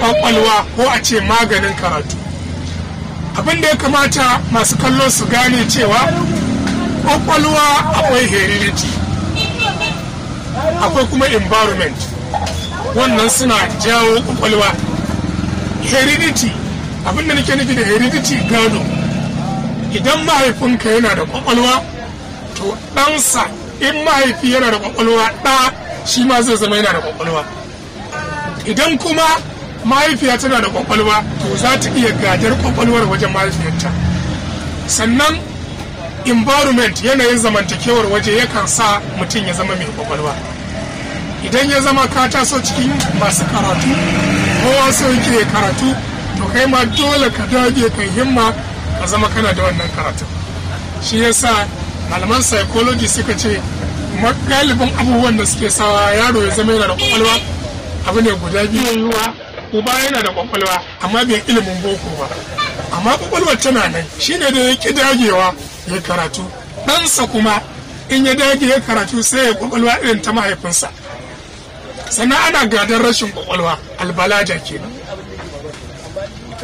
kwakwalwa ko a ce maganin karatu abin da ya kamata masu kallo su gane cewa kwakwalwa akwai heredity akwai kuma environment wannan suna jawo kwakwalwa heredity abin da nake nufi da heredity gano. idan mahaifinka yana da kwakwalwa to ɗansa in mahaifi yana da kwakwalwa ɗa shi ma zai zama yana da kwakwalwa idan kuma mahaifiya tana da kwakwalwa to za ta iya gadar kwakwalwar wajen mahaifiyarta sannan environment yanayin zamantakewar waje yakan sa mutum ya zama mai kwakwalwa idan ya zama ka taso cikin masu karatu kowa so yake karatu to kai ma dole ka dage kai himma ka zama kana da wannan karatu shi yasa malaman psychology suka ce galibin abubuwan da suke sawa yaro ya zama yana da kwakwalwa abu ne guda biyu uba yana da kwakwalwa amma bai ilimin boko ba amma kwakwalwar tana nan shine da ya ki dagewa ya karatu ɗansa kuma in ya dage ya karatu sai ya kwakwalwa irin ta mahaifinsa sannan ana gadon rashin kwakwalwa albalaja kenan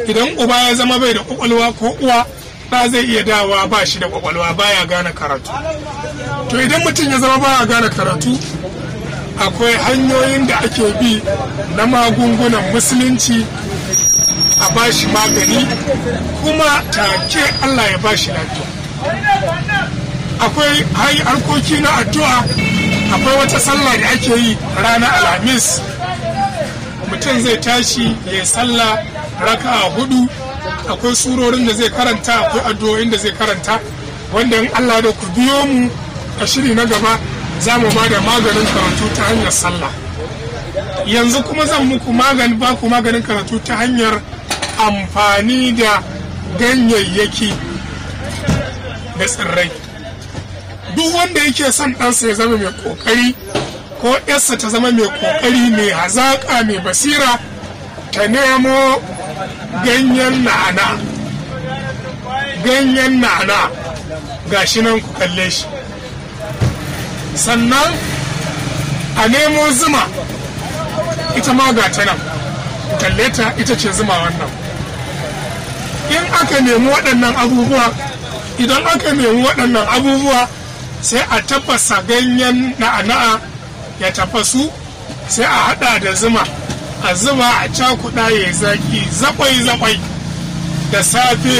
idan uba ya zama bai da kwakwalwa ko uwa ba zai iya dawa ba shi da kwakwalwa baya gane karatu to idan mutum ya zama baya gane karatu akwai hanyoyin da ake bi na magungunan musulunci a bashi magani kuma take allah ya ba shi lafiya akwai hayi harkoki na addu'a akwai wata sallah da ake yi ranar alhamis mutum zai tashi ya sallah raka hudu akwai surorin da zai karanta akwai addu'o'in da zai karanta wanda in allah da ku biyo mu a shiri na gaba za mu ba da maganin karatu ta hanyar sallah yanzu kuma zan muku magani ba ku maganin karatu ta hanyar amfani da ganyayyaki da tsirrai duk wanda yake son ɗansa ya zama mai ƙoƙari ko yarsa ta zama mai ƙoƙari mai hazaƙa mai basira ta nemo ganyen na'ana ganyen na'ana ga shi nan ku kalle shi sannan a nemo zuma ita ma ga ta nan kalleta ita ce zuma wannan in aka nemi waɗannan abubuwa idan aka nemi waɗannan abubuwa sai a tabbasa ganyen na'a-na'a ya tafasu sai a haɗa da zuma a zuba a cakuɗa ya yi zaki zaɓai-zaɓai da safe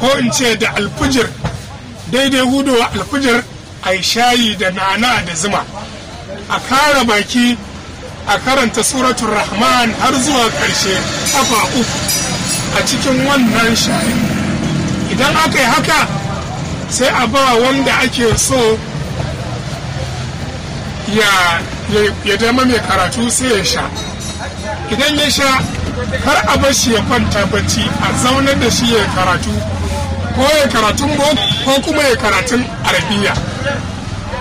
ko in ce da alfijir daidai gudowa alfijir a yi shayi da na'ana da zuma a kara baki a karanta suratun rahman har zuwa karshe kafa uku a cikin wannan shayi idan aka yi haka sai a ba wanda ake so ya dama mai karatu sai ya sha idan ya sha har a bar shi ya kwanta bacci a zaunar da shi ya karatu ko ya karatun ko kuma ya karatun arabiya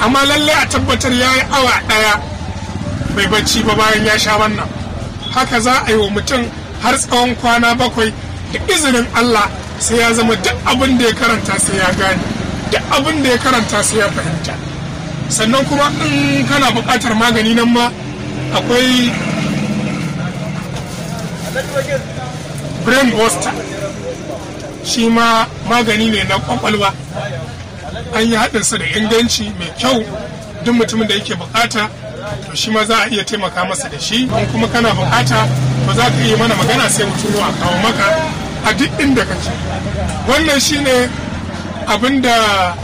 amma lalle a tabbatar ya yi awa ɗaya bai bacci ba bayan ya sha wannan haka za a yi wa mutum har tsawon kwana bakwai da izinin allah sai ya zama duk abin da ya karanta sai ya gane duk abin da ya karanta sai ya fahimta sannan kuma in kana buƙatar magani nan ma akwai brain buster shi ma magani ne na kwakwalwa an yi haɗin haɗinsa da inganci mai kyau duk mutumin da yake bukata to shi ma za a iya taimaka masa da shi in kuma kana bukata to za ka iya mana magana sai mu a kawo maka a duk inda kake wannan shi ne abin da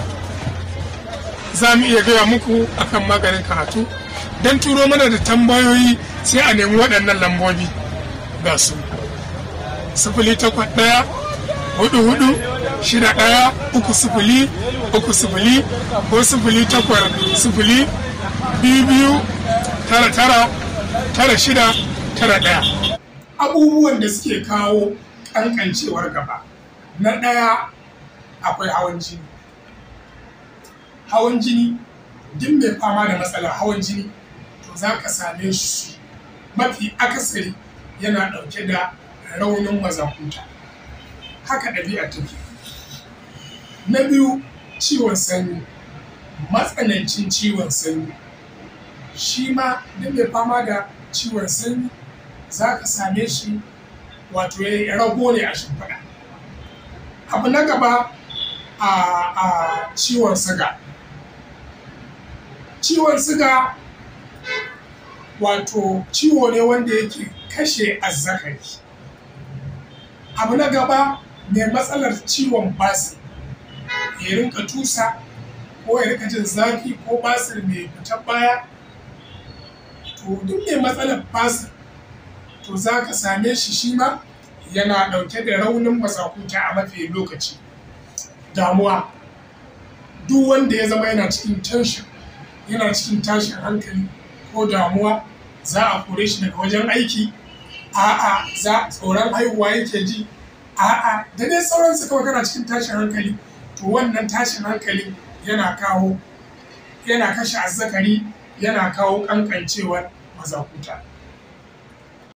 za mu iya gaya muku akan maganin karatu don turo mana da tambayoyi sai a nemi waɗannan lambobi ga su sifili takwas ɗaya hudu hudu shida ɗaya uku sifili uku sifili ko sifili takwar sifili biyu biyu tara tara tara shida tara ɗaya abubuwan da suke kawo ƙanƙancewar gaba na ɗaya akwai hawan jini hawan jini duk mai fama da matsalar hawan jini to za ka same shi mafi akasari yana ɗauke da raunin mazakuta haka ɗabi'a take na biyu ciwon sanyi matsanancin ciwon sanyi shi ma duk mai fama da ciwon sanyi za ka same shi wato ya rago ne a shimfiɗa abu na gaba a ciwon suga. ciwon suga wato ciwo ne wanda yake kashe azzakari abu na gaba mai matsalar ciwon basi ya rinka tusa ko ya rinka jin zafi ko basir mai fitar baya to duk mai matsalar basir to za ka same shi shi ma yana ɗauke da raunin masakuta a mafi lokaci damuwa duk wanda ya zama yana cikin tension yana cikin tashin hankali ko damuwa za a kore shi daga wajen aiki a'a za tsoron haihuwa yake ji a'a da dai sauransu kawai kana cikin tashin hankali to wannan tashin hankali yana kawo yana kashe azzakari yana kawo ƙanƙancewar mazakuta